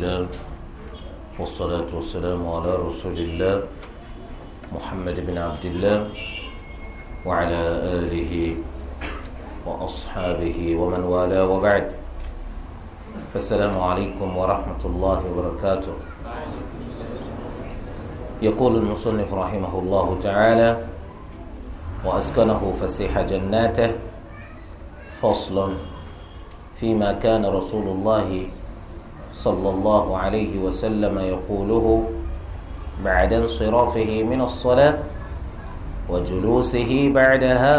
الله والصلاة والسلام على رسول الله محمد بن عبد الله وعلى آله وأصحابه ومن والاه وبعد فالسلام عليكم ورحمة الله وبركاته يقول المصنف رحمه الله تعالى وأسكنه فسيح جناته فصل فيما كان رسول الله صلى الله عليه وسلم يقوله بعد انصرافه من الصلاة وجلوسه بعدها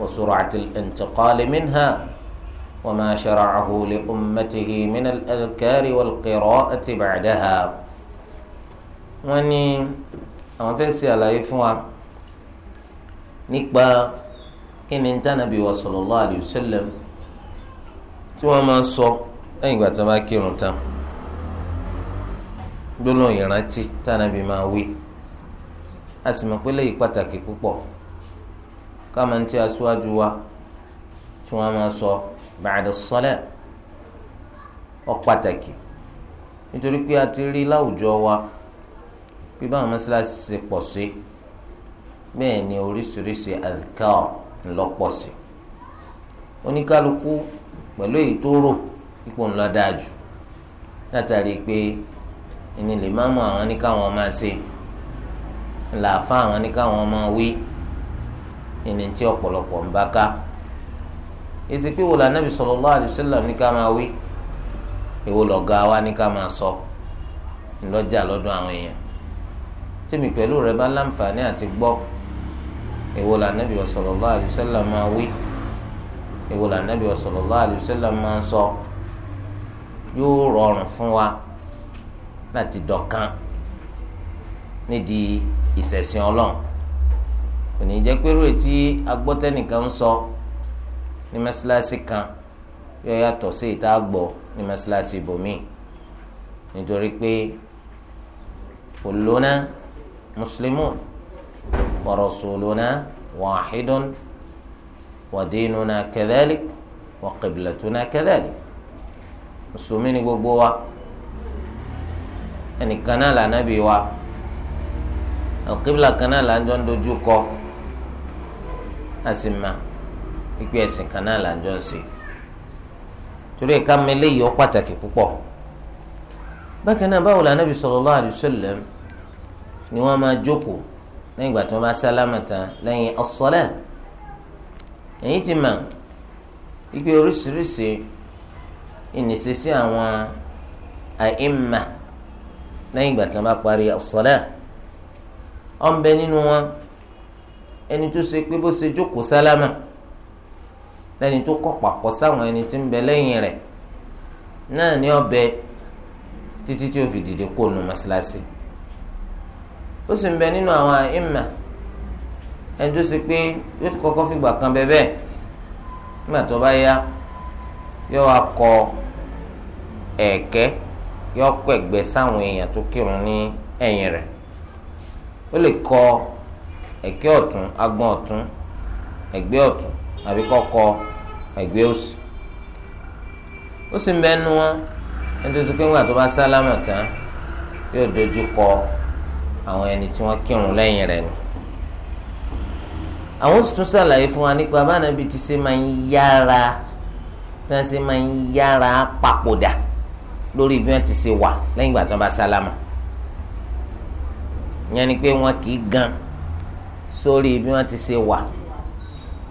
وسرعة الانتقال منها وما شرعه لأمته من الأذكار والقراءة بعدها واني أما فيسي على àlàyé نكبا إن انتنبي وصلى الله عليه وسلم توما alayhi lẹ́yìn ìgbà tí wọ́n bá kírun tán gbólóhùn ìrántí tánàbí máa wí a sì mọ̀ pé léyìí pàtàkì púpọ̀ káma ti aṣáájú wa tí wọ́n máa sọ ba'da salat ó pàtàkì nítorí pé a ti rí láwùjọ wa bí báwọn mọ́sálásí ṣe pọ̀ sí bẹ́ẹ̀ ni oríṣiríṣi adhkar ńlọ́pọ̀ sí oníkálukú pẹ̀lú èyí tó rò ipò ńlọ dáa jù látàrí pé ìní lè má mọ àwọn ní káwọn máa ṣe làáfà àwọn ní káwọn máa wí ìní tí ọ̀pọ̀lọpọ̀ ń bá ká èsì pé wò lànà sallallahu alaihi wasallam ní ká máa wí èwo lọ̀gá wa ní ká máa sọ ńlọ́jà lọ́dún àwọn èèyàn tèmi pẹ̀lú rẹ bá láǹfààní àti gbọ́ èwo lànà sallallahu alaihi wasallam máa wí èwo lànà sallallahu alaihi wasallam máa sọ. So yóò rọrùn fún wa láti dọ̀kan nídìí ìṣẹ̀sìn ọlọ́run kò ní jẹ́ pé rúwe tí agbọ́tẹ́nìkan ń sọ ní mẹ́sàlásì kan yóò yàtọ̀ sí ìta àgbọ̀ ní mẹ́sàlásì ibòmíì nítorí pé kulluna muslimun wa rasuluna wahidun wa dinuna kadhalik wa qiblatuna mùsùlùmí ni gbogbo wa ẹnìkan náà là nábì wa àkíbìlà kan náà là ń jọ ń dojú kọ a sì mà pípé ẹ̀sìn kan náà là ń jọ ń ṣe torí ẹ̀ka mi léyìí ó pàtàkì púpọ̀ bákan náà báwo la nábì sallallahu alaihi wasallam ni wọ́n máa jókòó lẹ́yìn ìgbà tí wọ́n bá sálámà tán lẹ́yìn as ẹ̀yìn ti mà pípé oríṣiríṣi. ìníṣẹ́sí àwọn àìmà lẹ́yìn ìgbà tí wọ́n bá parí ọ̀nbẹ nínú wọn ẹni tó ṣe pé bó ṣe jókòó sálámà lẹ́ni tó kọ́ pàpọ̀ sáwọn ẹni tí ń bẹ lẹ́yìn rẹ̀ náà ní ọbẹ̀ títí tí ó fi dìde kó nu mọ́ṣáláṣí ó sì ń bẹ nínú àwọn àìmà ẹni tó ṣe pé yóò ti kọ́kọ́ Eke yọ pẹ̀gbẹ́ sáwọn èèyàn tó kírun ní ẹ̀yìn rẹ̀ ó lè kọ ẹ̀kẹ́ ọ̀tún agbọ̀n ọ̀tún ẹ̀gbẹ́ ọ̀tún àbí kọ́kọ́ ẹ̀gbẹ́ òsì ó sì ń bẹ́ wọn nítorí pé ńgbà tó bá sálámà tán yóò dojú kọ àwọn ẹni tí wọ́n kírun ni àwọn ṣàlàyé fún wa nípa ti ṣe máa ń yára ṣe máa ń yára papòdà. lórí bí wọ́n ti ṣe wà lẹ́yìn ìgbà tí wọ́n bá sálámà ìyẹn ni pé wọ́n kì í gan sórí bí wọ́n ti ṣe wà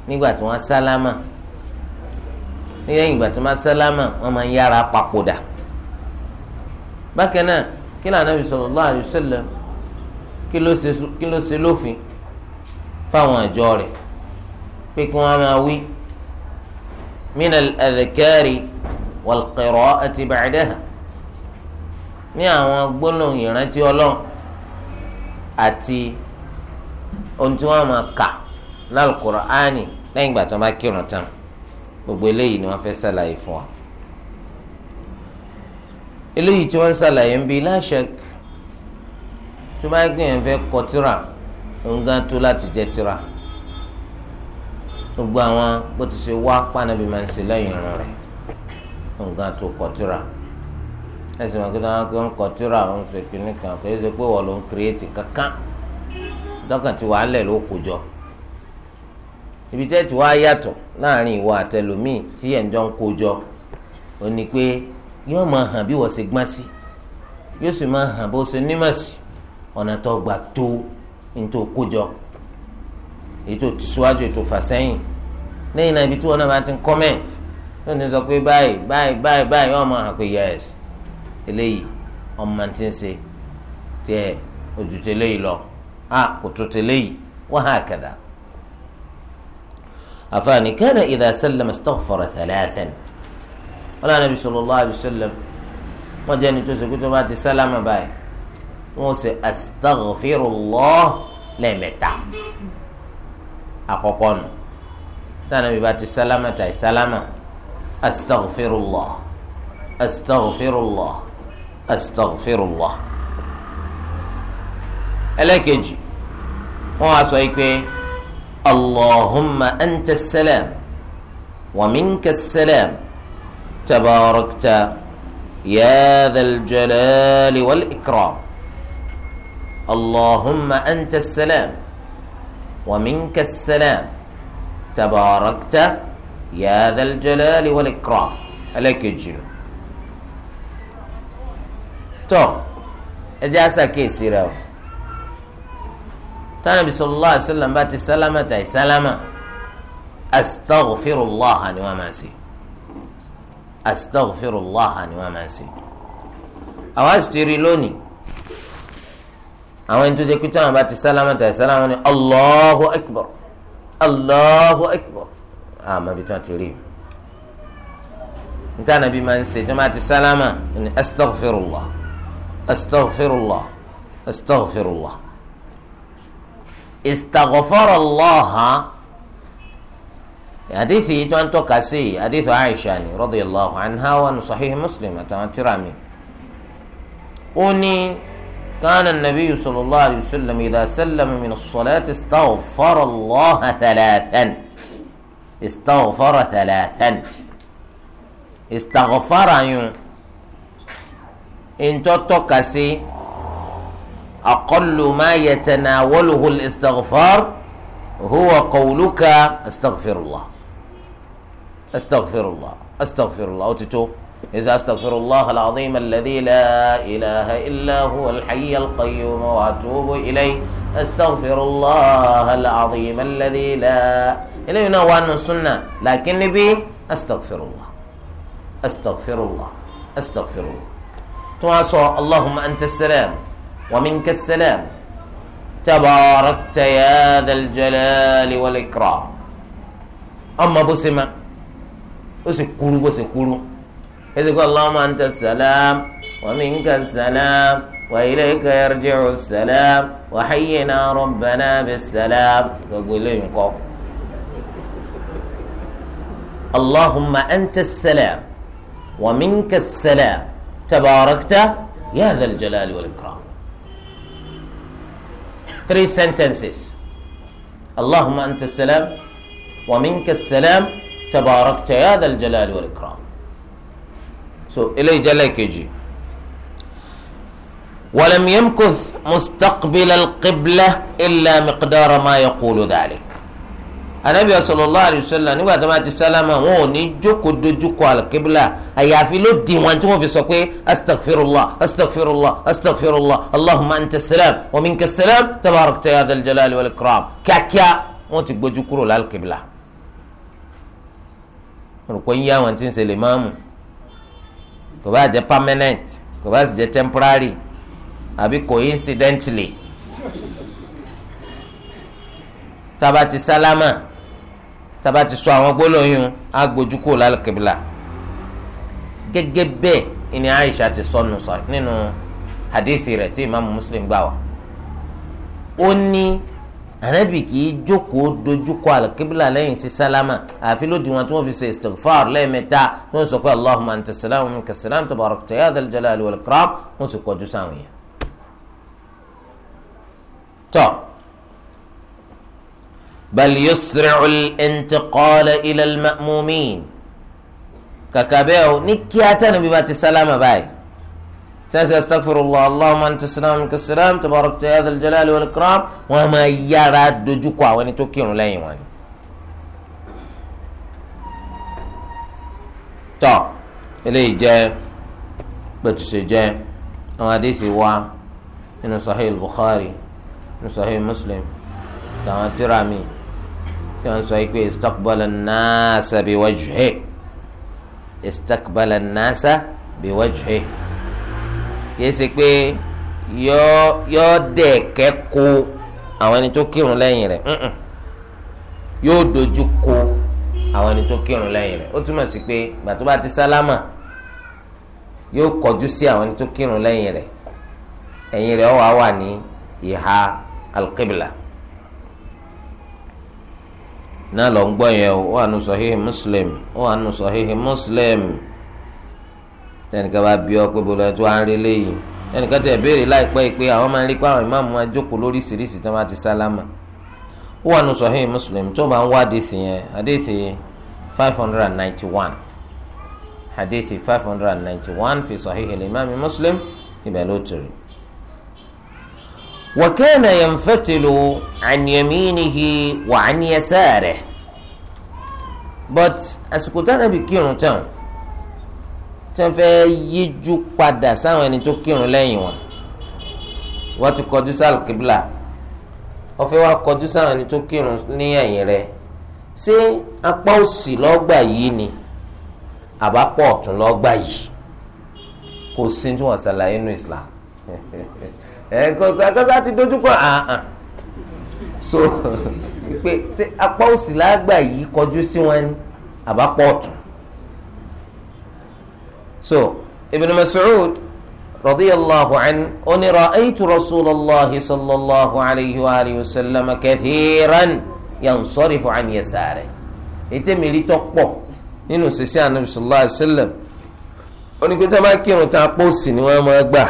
nígbà tí wọ́n sálámà lẹ́yìn ìgbà tí wọ́n bá sálámà wọ́n máa ń yára papòdà bákan náà kí ló Ànábì sallallahu alaihi wasallam kí ló ṣe lófin fáwọn àjọ rẹ̀ pé kí wọ́n máa wí min al-adhkari wal-qira'ati ba'daha ní àwọn gbólóhùn ìrántí ọlọ́run àti ohun tí wọ́n máa kà lálùkùránì lẹ́yìn ìgbà tí wọ́n bá kírun tán gbogbo eléyìí ni wọ́n fẹ́ ṣàlàyé fún wa. eléyìí tí wọ́n ń ṣàlàyé ń bi láṣẹ tí wọ́n bá gbìyànjú fẹ́ kọ tíra nǹkan tó láti jẹ tíra gbogbo àwọn bó ti ṣe wá pànàbí máa ń ṣe lẹ́yìn irun rẹ̀ nǹkan tó kọ tíra. ẹsìn wọn kíndà wọn ń kọ tíra wọn ń fèkì nìkan kò ése pé wọn ló ń kírètì kankan ibi tẹ́ ti wá yàtọ̀ láàrin ìwọ àtẹlómìn tí ẹ̀ ń jọ ń kó jọ ní pé yóò máa hàn bí wọ́n ṣe gbọ́n sí yóò sì gbà tó ètò tìṣíwájú ètò ibi tí wọn ti ń lónìí sọ pé báyìí báyìí báyìí báyìí wọn máa hàn eléyìí ọmọ tí ń ṣe tiẹ̀ ojú tẹ́lẹ̀ yìí lọ a kò tó tẹ́lẹ̀ yìí wa hakada àfààní kana idha sallam istaghfara thalathan ọlọ́run nàbí sallallahu alayhi wa sallam wọ́n jẹ́ ẹni tó ṣe kótó bá ti sálámà báyìí wọ́n ṣe astaghfirullah lẹ́ẹ̀mẹ́ta àkọ́kọ́ nù tànàbí bá ti sálámà tàì sálámà astaghfirullah astaghfirullah. استغفر الله الاكيجي واسويك اللهم انت السلام ومنك السلام تباركت يا ذا الجلال والاكرام اللهم انت السلام ومنك السلام تباركت يا ذا الجلال والاكرام عليك يجي tọ ẹ jẹ́ àṣàkíyèsí rẹ o tánàbí sallallahu alaihi wasallam bá ti sálámà tàì sálámà astaghfirullah ni wọ́n máa ṣe astaghfirullah ni wọ́n máa ṣe àwọn àṣìṣe lónìí àwọn ẹni tó jẹ́ pé táwọn bá ti sálámà tàì sálámà ni allahu akbar allahu akbar àmọ́ bí tí wọ́n ti rí nítorí ànábì máa ń ṣe tí wọ́n bá ti sálámà ni astaghfirullah. استغفر الله استغفر الله استغفر الله حديث تو كاسي حديث عائشة يعني رضي الله عنها وأن صحيح مسلم ترامي أني كان النبي صلى الله عليه وسلم إذا سلم من الصلاة استغفر الله ثلاثا استغفر ثلاثا استغفر يعني ntọ́tọ́ka اقل ما يتناوله الاستغفار هو قولك استغفر الله استغفر الله استغفر الله او tó. إذا أستغفر الله العظيم الذي لا إله إلا هو الحي القيوم وأتوب إليه أستغفر الله العظيم الذي لا اله الا هو السنة لكن بي أستغفر الله أستغفر الله أستغفر الله تواسو اللهم أنت السلام ومنك السلام تباركت يا ذا الجلال والإكرام أما بسمة أسكرو بسكرو يقول اللهم أنت السلام ومنك السلام وإليك يرجع السلام وحينا ربنا بالسلام يقول اللهم أنت السلام ومنك السلام تباركت يا ذا الجلال والإكرام three sentences اللهم أنت السلام ومنك السلام تباركت يا ذا الجلال والإكرام so إلي جلالك يجي ولم يمكث مستقبل القبلة إلا مقدار ما يقول ذلك anabi sallallahu alayhi wa sallam nígbà tó bá ti sálámà wọn ò ní jókòó dojúkọ alqibla àyàfi ló di wọn tí wọn fi sọ pé astaghfirullah astaghfirullah astaghfirullah allahumma anta salam wa minka salam tabarakta ya dhal jalali wal ikram kíákíá wọn ti gbójú kúrò lálqibla. rògbò yíyá wọn ti ń ṣe lè kò bá jẹ permanent kò bá jẹ temporary àbí coincidentally tába ti tába ti sọ àwọn gbólóyún á gbójú kó lálùkìbìlà gẹ́gẹ́ bẹ́ẹ̀ ìní Aisha ti sọ nù sọ nínú hadithi rẹ̀ tí imaamu Muslim gbà wá ó ní anabi kì í jókòó dojúkọ alakibla lẹ́yìn sí sálámà àfi lódì wọn tí wọ́n fi ṣe istighfar lẹ́ẹ̀mẹ́ta tí wọ́n sọ pé allahumma anta salamu minka salam tabarakta ya dhal jalali wal ikram wọ́n sì kọjú sáwọn yẹn. tọ́ بل يسرع الانتقال الى المامومين ككابيو نكي اتانا بمات السلام باي تاس استغفر الله اللهم انت السلام منك السلام تبارك يا ذا الجلال والاكرام وما يرى دجوكا وني توكيون لاي واني تا الي جاي بتسي جاي حديثي وا انه صحيح البخاري انه صحيح مسلم تمام ترامي tí wọ́n sọ pé istakbala nnaasa bi wajhe istakbala nnaasa bi wajhe kìí ṣe pé yọ dẹ̀ kẹ́kọ̀ọ́ àwọn ẹni tó kírun lẹ́yìn rẹ̀ yóò dojú kọ àwọn ẹni tó kírun lẹ́yìn rẹ̀ ó túmọ̀ sí pé gbàtú bá ti sálámà yóò kọjú sí àwọn ẹni tó kírun lẹ́yìn rẹ̀ ẹ̀yìn rẹ̀ ó wà wà ní ìhà alqibla náà lọ ń gbọ́ yẹn o wà nù sọ̀híhì muslim wà nù sọ̀híhì muslim tẹnika bá bí ọ pé bọ́lá tó à ń rí léyìí tẹnika tẹ béèrè láìpẹ́ pé àwọn máa ń rí pé àwọn ìmáàmù máa jókòó lóríṣiríṣi tí wọ́n bá ti sálámà wà nù sọ̀híhì muslim tó bá ń wá àdéhìí yẹn àdéhìí five hundred and ninety one àdéhìí five hundred ninety one fi sọ̀híhì lè máàmì muslim ibẹ̀ ló tẹ̀rẹ̀. وكان ينفتل عن يمينه وعن يساره but àsìkò táwọn ẹbí kírun tán tí wọ́n fẹ́ yíjú padà sáwọn ẹni tó kírun lẹ́yìn wọn wọ́n ti kọjú sáàlù kíbla wọ́n fẹ́ wá kọjú sáwọn ẹni tó kírun ní ẹ̀yìn rẹ̀ ṣé apá òsì lọ́gbà yìí ni àbápọ̀ ọ̀tún lọ́gbà yìí kò sí tí wọ́n ṣàlàyé nínú Islam ẹ̀ẹ́dẹ́gbẹ̀rún kọ́sá ti dojúkọ àhàn ah, ah. so pé ṣé apá òsì lágbà yìí kọjú sí wọn ni àbá pọ́ọ̀tù so Ibn Mas'ud radiyallahu anhu oni ra'aytu rasulallahi sallallahu alayhi wa alihi wa sallam kathiran yansarifu an yasari ètè mi rí tọ́pọ̀ nínú sísẹ́ anabi sallallahu alayhi wa sallam onígbẹ́tà máa kírun tá a pọ̀ sí ni wọ́n máa gbà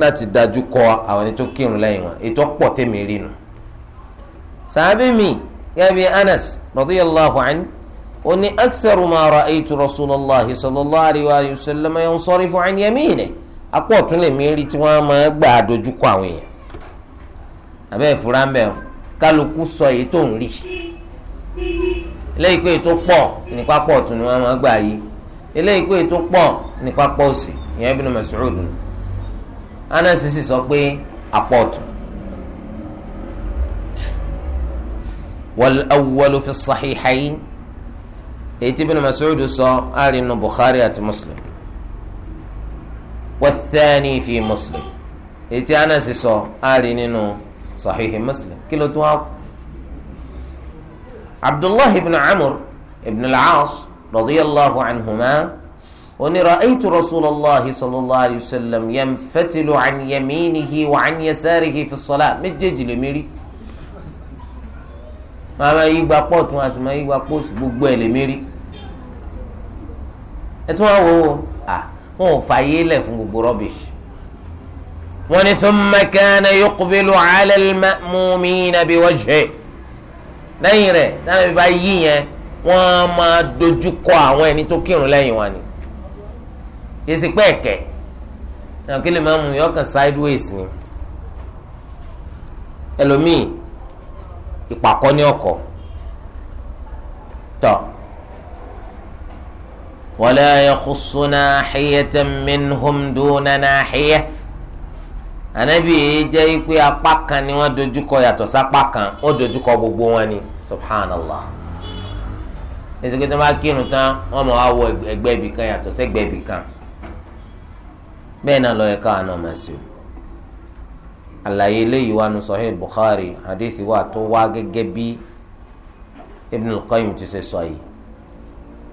láti dájú kọ àwọn ẹni tó kírun lẹ́yìn wọn ètò pọ̀ tẹ̀mí rí nu. sàábì mi yàbí anas radiyallahu anhu ó ní aktharu ma ra'aytu rasulallah sallallahu alayhi wa sallam yansarifu an yaminihi apọ̀ ọ̀tún lè mérí tí wọ́n máa gbà dojú kọ àwọn èèyàn abẹ́ ìfura ń bẹ̀ ọ́ kálukú sọ èyí tó ń rí eléyìí pé ètò pọ̀ nípa pọ̀ ọ̀tún ni wọ́n máa gbà yí eléyìí pé ètò pọ̀ nípa pọ̀ òsì ìyẹn Ibn Mas'ud nù. Anas sì sọ pé àpọ̀tù. والأول في الصحيحين إيتي بن مسعود صار آل بخاري مسلم والثاني في مسلم إيتي أنا صار آل نينو صحيح مسلم كيلو تواق عبد الله بن عمر بن العاص رضي الله عنهما oni ra'aytu rasulallahi sallallahu alayhi wa sallam yanfatilu an yaminihi wa an yasarihi fi salat méjèèjì lè mérí màá máa yí gba pọ́ọ̀tún àti máa yí gba pọ́ọ̀sì gbogbo ẹ̀ lè mérí ẹ tún wá wò ó wọn ò fààyè lẹ̀ fún gbogbo rubbish wọn ni thumma kana yuqbilu ala al-ma'mumina biwajhihi lẹ́yìn rẹ̀ táwọn ibi bá yí yẹn wọ́n máa dojú kọ àwọn ẹni tó kírun lẹ́yìn wọn yìí sì pẹ́ ẹ̀kẹ́ náà kí lè máa mú yọkàn sideways ni ẹlòmíì ìpàkọ́ ní ọkọ̀ tọ̀ wala yakhussu nahiyatan minhum duna nahiyah na yìí jẹ́ pé apá kan ni wọ́n dojúkọ yàtọ̀ sápá kan wọ́n gbogbo wọn ni subhanallah ètò ìgbésẹ̀ máa kírun tán wọ́n mọ̀ wá wọ ẹgbẹ́ yàtọ̀ bẹ́ẹ̀ náà lọ́yẹ̀ káwọn náà máa ṣe o àlàyé eléyìí wà nù Sahih Bukhari hadith wà tó wá gẹ́gẹ́ bí Ibn al-Qayyim ti ṣe sọ yìí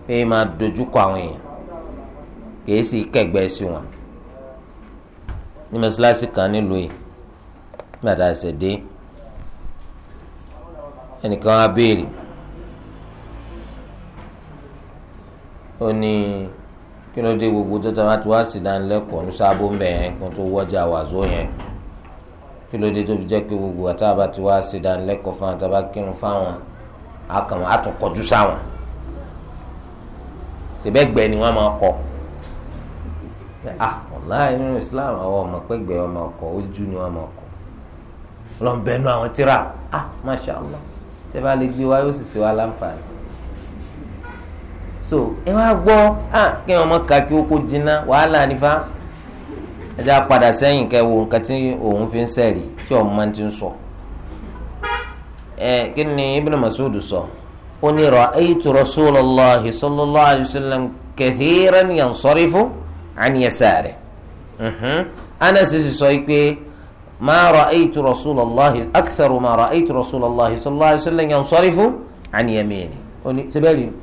pé máa dojúkọ àwọn èèyàn kìí sì kẹgbẹ́ sí wọn ní mọ́sálásí kan nílùú yìí gbàdá ẹsẹ̀ dé ẹnìkan á béèrè ó ní kí ló dé gbogbo tó ta bá ti wá sí ìdánilẹ́kọ̀ọ́ ní sábó ń bẹ̀ yẹn kó tó wọ́jà wàzó yẹn kí ló dé tó fi jẹ́ pé gbogbo àtàbà ti wá sí ìdánilẹ́kọ̀ọ́ fáwọn àtàbà kírun fáwọn akàwọn àtúnkọjú sáwọn sèbẹ́gbẹ́ ni wọ́n máa kọ́ ah wàláyé nínú Islam àwọn ọmọ pẹ́gbẹ́ wọn máa kọ́ ojú ni wọ́n máa kọ́ lọ́nbẹ́nu àwọn tíra ah masha Allah tẹ́ bá lè gbé wa yóò sì ṣe wa láǹfààní so ẹ wá gbọ́ kí ọmọ kàkí ó kó jiná wàhálà nífa ẹja padà sẹ́yìn kẹ́ wo nǹkan tí òun fi ń sẹ̀rí tí ọmọ máa ti ń sọ ẹ kí ni Ibn Mas'ud sọ ó ní ra'aytu Rasulullahi sallallahu alayhi wa sallam kathiran yansarifu an yasarihi mhm. Anas sì sọ pé ma ra'aytu Rasulullahi aktharu ma ra'aytu Rasulullahi sallallahu alayhi wa sallam yansarifu an yaminihi ó ní síbẹ̀ rí i.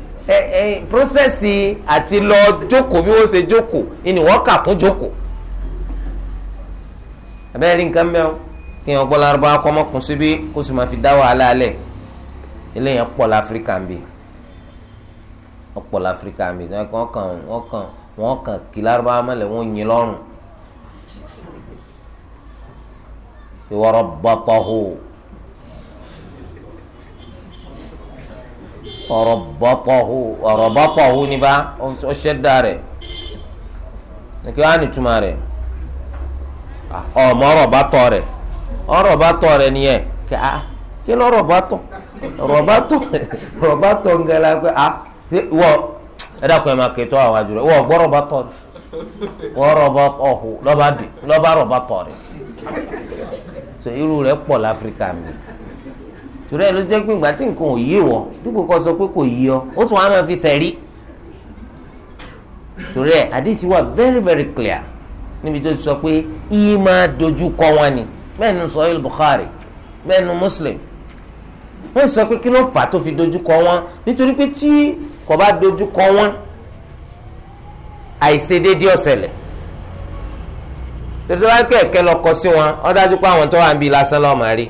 prọsẹsì àti lọ jókòó bí wọ́n ṣe jókòó ni wọ́n kà kún jókòó abẹ́rẹ́ rí nǹkan mẹ́wọ́ kí wọ́n gbọ́ lárúbá kọ́mọkùn síbí kó sì máa fi dá wàhálà alẹ́ eléyàn pọ̀ láfíríkà ń bì ọ̀pọ̀ láfíríkà ń bì wọ́n kàn wọ́n kàn wọ́n kàn kí lárúbá mọ́lẹ̀ wọ́n yin lọ́rùn ìwọ́rọ̀ bọ́tọ̀ hó. ọ̀rọ̀bọ́tọ̀hu ní bá ọ̀ṣẹ́dá rẹ̀ nìkan á nìtumá rẹ̀ ọmọ ọ̀rọ̀bátọ̀ rẹ̀ ọ̀rọ̀bátọ̀ rẹ̀ nìyẹn kí a kí lọ rọ̀bátọ̀ rọ̀bátọ̀ rọ̀bátọ̀ ń gẹlẹ́ pé a wọ ẹ dákun ẹ máa kẹtọ́ àwọn àjùlọ wọ gbọ́ rọ̀bátọ̀ rẹ̀ wọ rọ̀bátọ̀hu lọ́ba rọ̀bátọ̀ rẹ̀ so irú rẹ̀ pọ̀ láfíríkà mi torí ẹ ló jẹ́ pé ìgbà tí nǹkan ò yé wọ dípò kó sọ pé kò yé ọ ó tún wá máa fi sẹ̀rí torí àdìsí wà very very clear níbi tó ti sọ pé iye máa dojú kọ wọn ni bẹ́ẹ̀ nu sọ́yìn Bukhari bẹ́ẹ̀ nu Muslim wọ́n sọ pé kí ló fà tó fi dojú kọ wọn nítorí pé tí kò bá dojú kọ wọn àìṣedéédé ọ̀sẹ̀lẹ̀ tòtò wáyé pé ẹ̀kẹ́ lọ kọ sí wọn ó dájú pé àwọn tó wà ń bi lásán lọ́ọ́ máa rí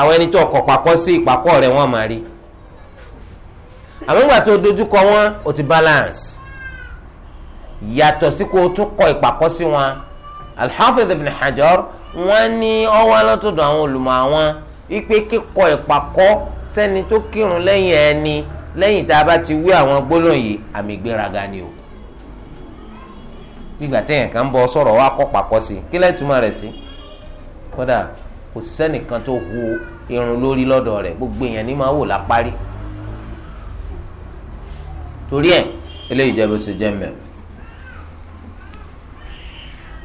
àwọn ẹni tó kọ̀ papọ̀ sí ìpapọ̀ rẹ̀ wọ́n máa rí àmọ́ ìgbà tó dojúkọ wọn ó ti balance yàtọ̀ sí kó o tún kọ ìpapọ̀ sí wọn Al-Hafiz Ibn Hajar wọ́n ní ọwọ́ alátọ̀dọ̀ àwọn olùmọ̀ àwọn wípé kíkọ ìpapọ̀ sẹ́ni tó kírun lẹ́yìn ẹni lẹ́yìn tá a bá ti wí àwọn gbólóhùn yìí àmì ìgbéraga ni o nígbà téèyàn kan bọ sọ̀rọ̀ wa kọ́ papọ̀ sí kí lẹ́tùmọ̀ rẹ̀ sí kódà kò sẹ́nìkan tó hu irun lórí lọ́dọ̀ rẹ̀ gbogbo èèyàn ní máa wò lápárí torí ẹ̀ eléyìí jẹ́ bó ṣe jẹ́ mẹ́.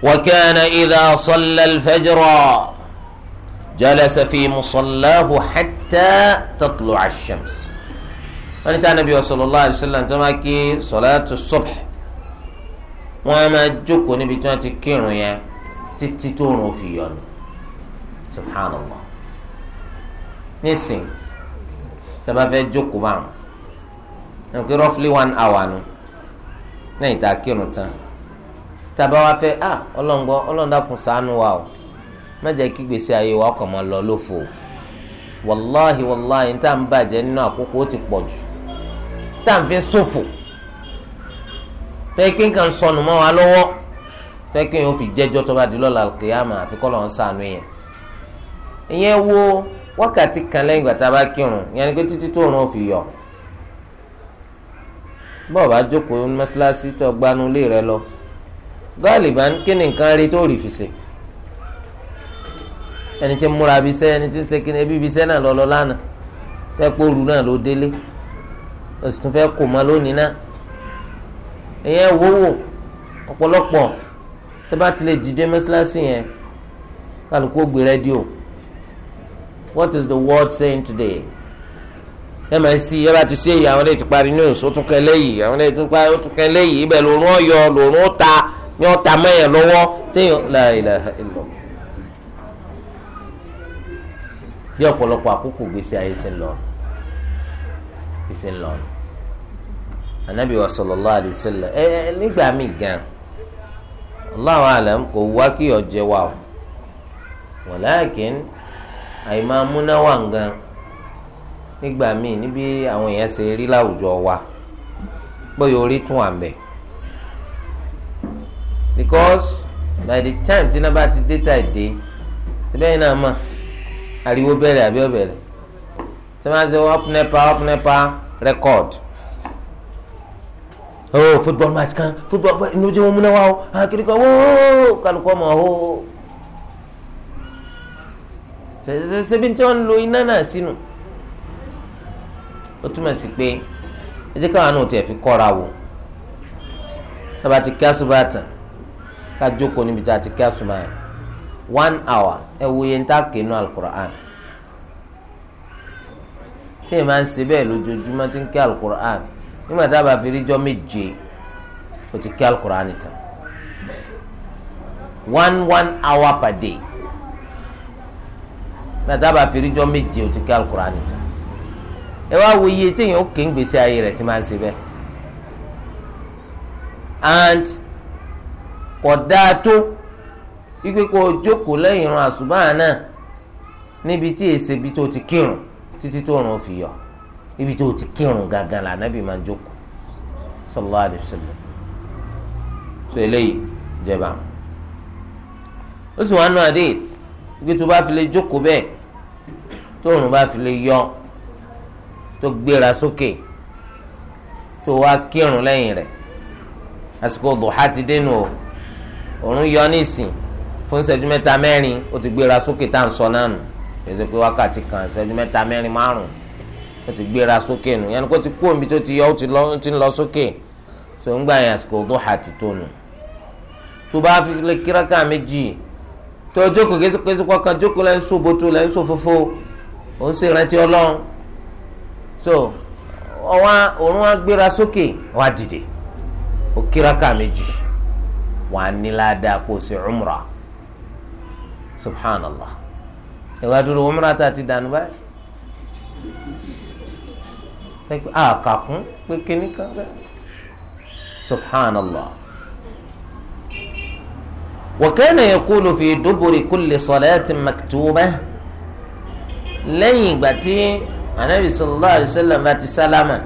وكان إذا صلى الفجر جلس في مصلاه حتى تطلع الشمس wọ́n ní tí Ànábì sallallahu alayhi wa sallam tó máa kí sọ̀láàtù subh wọ́n á máa jókòó níbi tí wọ́n ti kírun yẹn títí tóòrùn ó fi yọ ni subhanallah nísìn tàbá fẹ́ jókòó báwọn ẹnu pé roughly one hour nu lẹ́yìn tá a kírun tán tàbá wa fẹ́ ah ọlọ́ngbọ́n ọlọ́ndàkùn ṣàánú wa o má jẹ́ kí gbèsè ayé wa ọkọ̀ máa lọ lófo wàláhi wàláhi tá à ń bàjẹ́ nínú àkókò ó ti pọ̀ jù tá à ń fi ṣòfò tẹ́kí nǹkan sọnù mọ́ wa lọ́wọ́ tẹ́kí yóò fi jẹ́jọ́ tó bá di lọ́la kìyàmà àfikọ́ lọ́n ṣàánú yẹn ìyẹn wo wákàtí kan lẹ́yìn ìgbà tá a bá kírun ìyẹn ni pé títí tó rùn ó fi yọ bọ́ọ̀ bá jókòó mọ́ṣáláṣí tó gbanú lé rẹ lọ gáàlìbá kí ni nǹkan rí tó rí fi ṣe ẹni tí ń múra bí sẹ́ ẹni tí ń ṣe ni ebi bí sẹ́ náà lọ lọ lánàá tẹ́ pòrú náà ló délé o sì fẹ́ kò mọ́ lónìí náà ìyẹn wòwò ọ̀pọ̀lọpọ̀ tó bá ti lè dìde mọ́ṣáláṣí yẹn kálukú gbé rédíò what is the word saying today ẹ máa sí ẹ bá ti ṣe èyí àwọn ilé ti parí news ó tún kẹ léyìí àwọn ilé tún parí ó tún kẹ léyìí ibẹ̀ lòrùn ọ̀yọ́ lòrùn ọ̀ta ní ọ̀ta mẹ́yẹ̀ lọ́wọ́ téèyàn la ilaha illallah bí ọ̀pọ̀lọpọ̀ àkókò gbèsè ayé sí ń lọ gbèsè ń lọ anabi wa sallallahu alayhi wa sallam ẹ ẹ nígbà míì gan Allahu alam kò wá kí ọjẹ wà o walakin àìmọ̀ amúnáwá nǹkan nígbà míì níbi àwọn èèyàn ṣe rí láwùjọ wa bóyá orí tún wà mbẹ because by the time tí náà bá ti dé tà dé síbẹ̀ yìí náà mọ̀ ariwo bẹ̀rẹ̀ àbí ọ̀bẹ̀rẹ̀ tí wọ́n á ṣe up nepa up nepa record oh football match kan football inú jẹ́ wọn múná wa o àkìrí ah, kan wọ́ọ́ kálukọ́ mọ̀ ọ́ ṣebí tí wọ́n ń lo iná náà sínú ó túmọ̀ sí pé ẹ jẹ́ káwọn náà tiẹ̀ fi kọ́ra wò tába ti kí àsùbá tán ká jókòó níbi tá a ti kí àsùbá yẹn one hour ẹ wo iye tá a kè nú alukur'an tí èèyàn máa ń ṣe bẹ́ẹ̀ lójoojúmọ́ tí ń kí alukur'an nígbà tá a bá fi ríjọ́ méje ó ti kí alukur'an tán one one hour per day gbàtà bá fi ríjọ́ méje ó ti ká alukur'an nìta ẹ wá wo iye téèyàn ó ké ń gbèsè ayé rẹ̀ ti máa ń ṣe bẹ́ẹ̀ and kò dáa tó wípé kó o jókòó lẹ́yìn irun àṣùbà náà níbi tí èsè ibi tó ti kírun títí tó rùn fi yọ ibi tó ti kírun gangan là nábì máa ń jókòó sallallahu alayhi wa so eléyìí jẹba ó sì wá nù adé ibi tó bá fi jókòó bẹ́ẹ̀ tóòrùn bá fi lè yọ tó gbéra sókè tó wá kírun lẹ́yìn rẹ̀ àsìkò dùhà ti dénú o òòrùn yọ nísìn fún ìṣẹ́jú mẹ́ta mẹ́rin ó ti gbéra sókè tá à ń sọ náà nù èso pé wákàtí kan ìṣẹ́jú mẹ́ta mẹ́rin márùn ó ti gbéra sókè nù yẹn kó ti kú omi tó ti yọ ó ti lọ sókè tó ń gbà yẹn àsìkò dùhà ti tó nù tó bá fi lè kíráka méjì tó jókòó kéṣekéṣe kọ́kan jókòó lẹ́nu sóbótó lẹ́nu sófófó ó ń ṣèrántí ọlọ́run so ọwọ́n òórùn wa gbéra sókè wá dìde ó kíraka méjì wà á níláàdá kó o ṣe umra subhanallah ìwà dúró umra tá a ti dànù báyìí tẹ́kọ̀ àkàkún pé kíní kan bẹ́ẹ̀ subhanallah. وكان يقول في دبر كل صلاة مكتوبة lẹ́yìn ìgbà tí anabi sallallahu alayhi wa sallam bá ti sálámà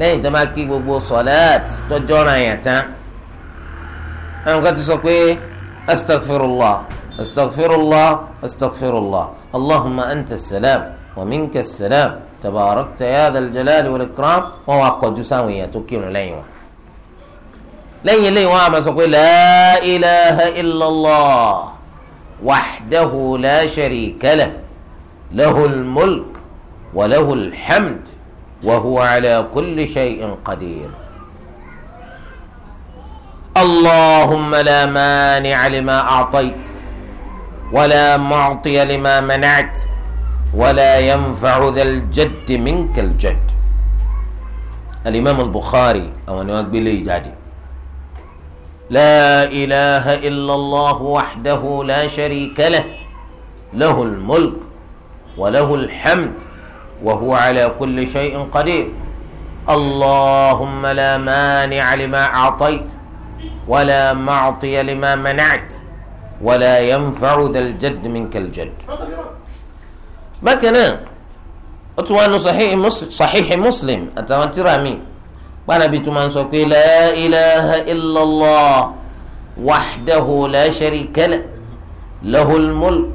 lẹ́yìn tó máa kí gbogbo sọ̀láàt tọ́jọ́ra yẹn tán àwọn kan ti sọ pé astagfirullah astagfirullah astagfirullah allahumma anta salam wa minka salam tabarakta ya dhal jalali wal ikram wọn wá kọjú sáwọn èèyàn tó kírun lẹ́yìn wọn lẹ́yìn lẹ́yìn wọn a máa sọ pé la illallah. وحده لا شريك له له الملك وله الحمد وهو على كل شيء قدير اللهم لا مانع لما اعطيت ولا معطي لما منعت ولا ينفع ذا الجد منك الجد الامام البخاري او ان يقبل جادي لا إله إلا الله وحده لا شريك له له الملك وله الحمد وهو على كل شيء قدير اللهم لا مانع لما أعطيت ولا معطي لما منعت ولا ينفع ذا الجد منك الجد بكنا أتوان صحيح, صحيح مسلم أتوان ترامي gbanabi bi tuma ń sọ pé la ilaha illallah wahdahu la sharika lah lahul mulk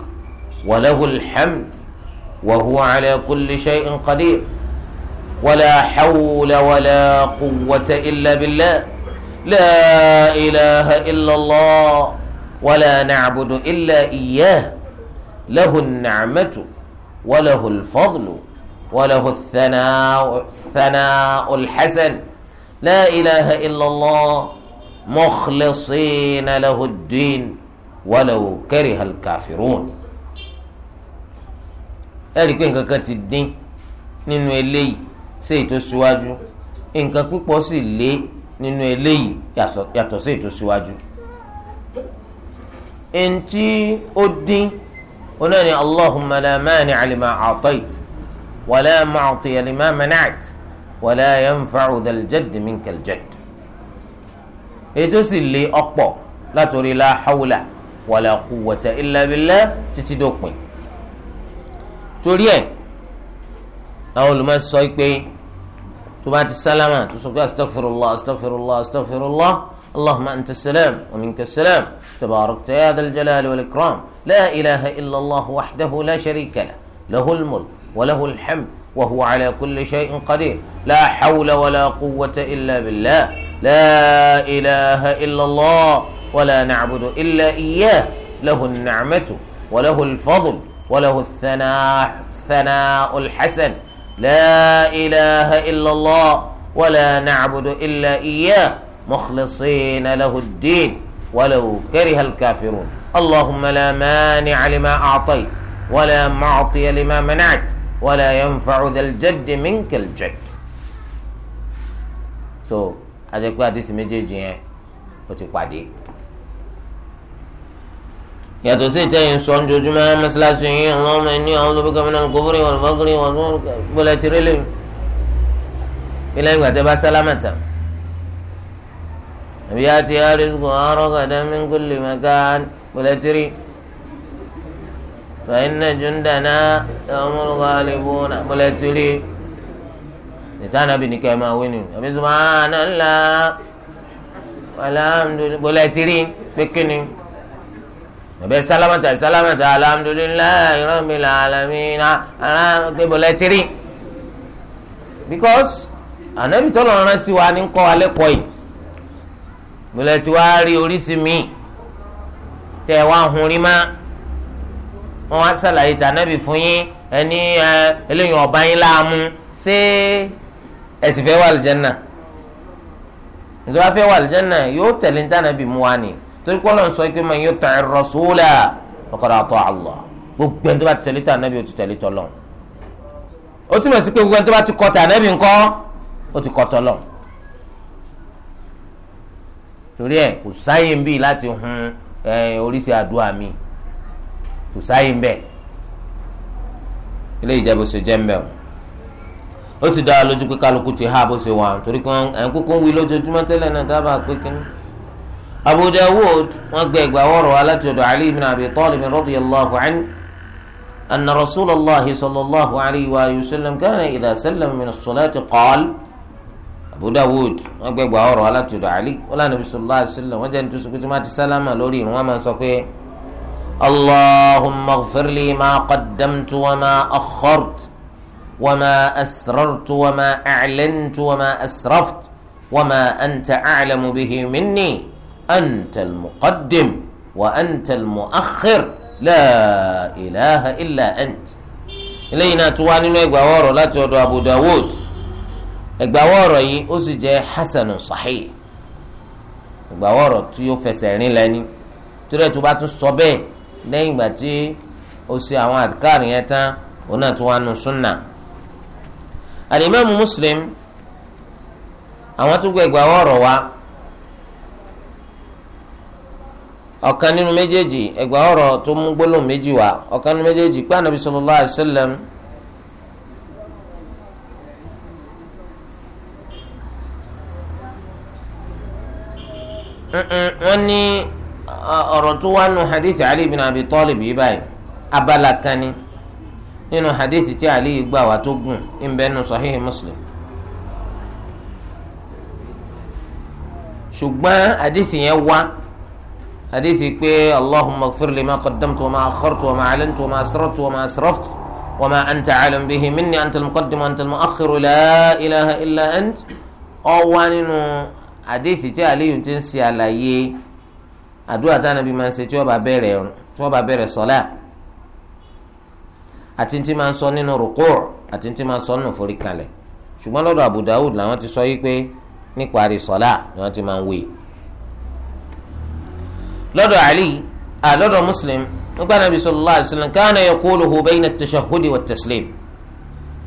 wa lahul hamd wa huwa ala kulli shay'in qadir wala hawla wala quwwata illa billah la ilaha illallah wala na'budu illa iyyah lahul na'matu wa lahul fadlu wa lahul thana'u thana'u alhasan. لا إله إلا الله مخلصين له الدين ولو كره الكافرون. kafirun ẹ̀rí pé nǹkan kan ti dín nínú eléyìí sí ètò síwájú nǹkan púpọ̀ sì lé nínú eléyìí yàtọ̀ sí ètò síwájú. Ntí ó dín onáni Allahumma la mani alima a'tait wala mu'ti alima mana'at. ولا ينفع ذا الجد منك الجد ايتوسي لي اوبو لا توري لا حول ولا قوه الا بالله تيتي دوبين توري ان اول ما سوي بي تبات السلامه تسوي استغفر الله استغفر الله استغفر الله اللهم انت السلام ومنك السلام تباركت يا ذا الجلال والاكرام لا اله الا الله وحده لا شريك له له الملك وله الحمد وهو على كل شيء قدير لا حول ولا قوة إلا بالله لا إله إلا الله ولا نعبد إلا إياه له النعمة وله الفضل وله الثناء الثناء الحسن لا إله إلا الله ولا نعبد إلا إياه مخلصين له الدين ولو كره الكافرون اللهم لا مانع لما أعطيت ولا معطي لما منعت ولا ينفع ذا الجد منك الجد so adekun àdìsí méjèèjì yẹn ó ti pàdé yàtọ̀ sí ìtẹ̀yìn sọ ojoojúmọ́ mẹ́sàlásì yìí ọlọ́run ẹni àwọn olóbi kọ́mínà gòfúrì wọn fọ́gìrì wọn gbọ́lẹ̀ tìrẹ́ lè ilé ìgbà tẹ́ bá sálámà tán àbí yá ti yá rí sùkùn àárọ̀ kàdá mí ń kúlè mẹ́ká gbọ́lẹ̀ tìrẹ́. fàyínà júndàná ọmọlúwa àlebó náà mọlẹ tìrì níta nàbì ní kẹmà wínú àbí sùmánà ńlá alhamdulilayi mọlẹ tìrì pékinni bẹẹ sálámàtà sálámàtà alhamdulilayi rabbil alamin alhamdulilayi mọlẹ tìrì because ànábì tọ́lọ̀ rán sí wa ní kọ́ alẹ́ kọ́ yìí mọlẹ tí rí oríṣi mi tẹ̀ wá hun rí máa wọn wá sàlàyé tànàbì fún yín ẹni ẹ eléyìí ọba yín láàmú ṣé ẹ̀sìn fẹ́ wà lìjẹ́nà ìjọba fẹ́ wà lìjẹ́nà yóò tẹ̀lé tànàbì mú wa ni torí kọ́ lọ́n sọ pé man yuti' rasula faqad ata'a Allah gbogbo ẹni tó bá tẹ̀lé tànàbì ó ti tẹ̀lé tọ́lọ́ ó túmọ̀ sí pé gbogbo ẹni tó bá ti kọ tànàbì ńkọ́ ó ti kọ tọ́lọ́ torí ẹ kò sáyé ń bì láti hun oríṣi àdúrà mi kò sáyé ń bẹ ilé ìjẹ́bù ṣe jẹ́ ń bẹ o ó sì dá lójú pé kálukú ti há bó ṣe wà torí pé ẹ̀ ń kúkú ń wí lójoojúmọ́ tẹ́lẹ̀ náà dábàá pé kínní. Abu Dawud wọn gbé ẹgbàá wọrọ aláti ọ̀dọ̀ Ali ibn Abi Talib radiyallahu anhu anna rasulallah sallallahu alayhi wa sallam kana idha sallam min salati qaal Abu Dawud wọn gbé ẹgbàá wọrọ aláti ọ̀dọ̀ Ali wọn lànà bisalòláhi wọn jẹ nítorí sọkùtì má ti sálámà lórí irun wọn máa sọ pé. اللهم اغفر لي ما قدمت وما أخرت وما أسررت وما أعلنت وما أسرفت وما أنت أعلم به مني أنت المقدم وأنت المؤخر لا إله إلا أنت إلينا توانين إقباوارو لا تودو أبو داود إقباوارو يؤسجي حسن صحيح إقباوارو تيو فسرين لاني ترى تباتو الصبي lẹ́yìn ìgbà tí o ṣe àwọn àdìkárì yẹn tán òun náà tún wá nu súnà. àlìmọ́ọ̀mù Muslim àwọn tó gbẹ̀gbà ọ̀rọ̀ wa ọ̀kan nínú méjèèjì ẹgbà ọ̀rọ̀ tó mú gbólóhùn méjì wá ọ̀kan nínú méjèèjì pé ànábi sallallahu alaihi wasallam wọ́n ní ọ̀rọ̀ tó wá nù hadith ali bin abi talib yìí báyìí abala kan ni nínú hadith tí ali yìí gbà wá tó gùn ń bẹ nù sahih muslim. ṣùgbọ́n àdìsí yẹn wá àdìsí pé allahumma ighfir li ma qaddamtu wa ma akhartu wa ma alantu wa ma asrartu wa ma asraftu wa ma anta alam bihi minni anta al-muqaddim wa anta al nínú àdìsí tí aliyu ti ń ṣe àlàyé àdúrà táwọn ẹbí máa ń ṣe tí wọ́n bá bẹ̀rẹ̀ ẹ̀rùn tí wọ́n bá bẹ̀rẹ̀ sọ́lá àti tí máa ń sọ nínú rúkú àti tí máa ń sọ nínú foríkalẹ̀ ṣùgbọ́n lọ́dọ̀ Abu Dawud làwọn ti sọ yí pé níparí sọ́lá ni wọ́n ti máa ń wé lọ́dọ̀ Ali àlọ́dọ̀ Muslim nípa nàbí sallallahu alaihi wasallam kana yaquluhu bayna at-tashahhudi wat-taslim